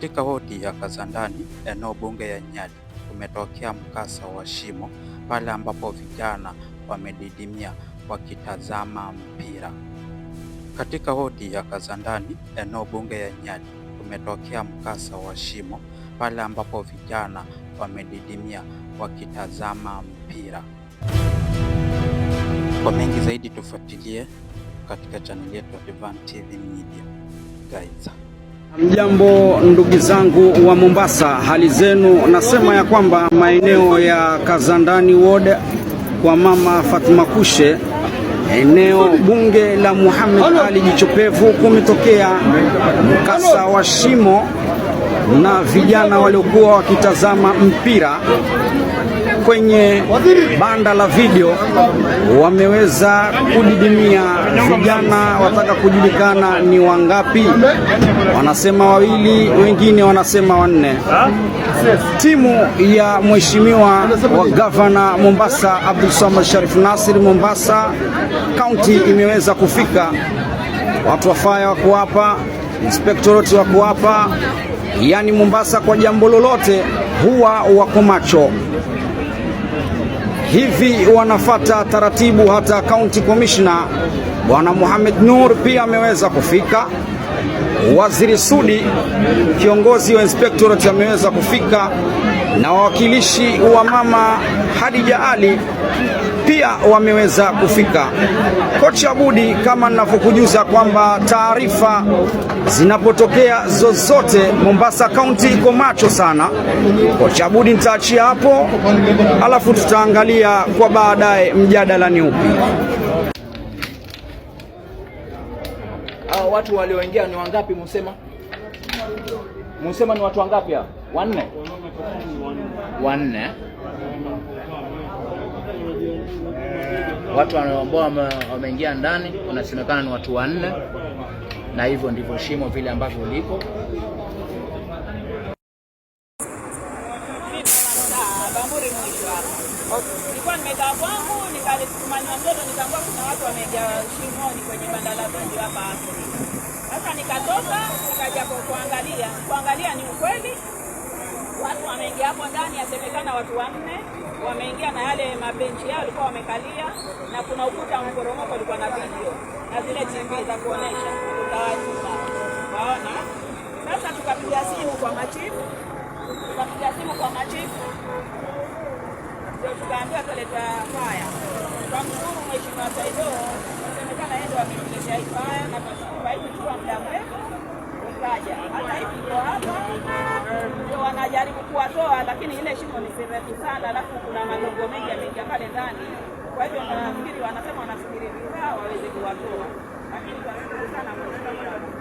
Katika wodi ya Kazandani, eneo bunge ya Nyali, kumetokea mkasa wa shimo pale ambapo vijana wamedidimia wakitazama mpira. Katika wodi ya Kazandani, eneo bunge ya Nyali, kumetokea mkasa wa shimo pale ambapo vijana wamedidimia wakitazama mpira. Kwa mengi zaidi tufuatilie katika chaneli yetu ya Divan TV Media. Guys. Mjambo ndugu zangu wa Mombasa, hali zenu? Nasema ya kwamba maeneo ya Kazandani Ward kwa mama fatima Kushe, eneo bunge la Muhammad Ali Jichopevu, kumetokea mkasa wa shimo na vijana waliokuwa wakitazama mpira kwenye banda la video wameweza kudidimia, vijana wataka kujulikana ni wangapi. Wanasema wawili, wengine wanasema wanne. Timu ya mheshimiwa wa gavana Mombasa Abdul Samad Sharif Nasir Mombasa kaunti imeweza kufika. Watu wa faya wako hapa, inspektorati wako hapa, yani Mombasa kwa jambo lolote huwa wako macho hivi wanafata taratibu. Hata kaunti komishna bwana Mohamed Nur pia ameweza kufika, waziri Sudi kiongozi wa inspektorati ameweza kufika, na wawakilishi wa mama Hadija Ali pia wameweza kufika. Kocha Abudi, kama ninavyokujuza kwamba taarifa zinapotokea zozote, Mombasa County iko macho sana. Kocha Abudi nitaachia hapo, alafu tutaangalia kwa baadaye mjadala ni upi. Watu walioingia ni wangapi? Msema msema ni watu wangapi? Hao wanne, wanne watu ambao wameingia ndani wanasemekana ni watu wanne, na hivyo ndivyo shimo vile ambavyo liko. Nilikuwa nimekaa kwangu nikalitumania mtoto nikaambia kuna watu wameingia shimoni kwenye bandala zetu hapa Afrika. Sasa nikatoka nikaja kuangalia, kuangalia ni ukweli watu wameingia hapo ndani, yasemekana watu wanne wameingia na yale mabenchi yao walikuwa wamekalia, na kuna ukuta wa mporomoko ulikuwa na video na zile TV za kuonesha utawajua waona. Sasa tukapiga simu kwa machifu, tukapiga simu kwa machifu ndio tukaambiwa tuleta faya kwa mkuu Mheshimiwa Saidoo, nasemekana yeye ndio ametuletea hii faya na nimejaribu kuwatoa, lakini ile shimo ni refu sana, alafu kuna magogo mengi yameingia pale ndani. Kwa hivyo nafikiri wanasema wanafikiri vikao waweze kuwatoa, lakini kwa sana.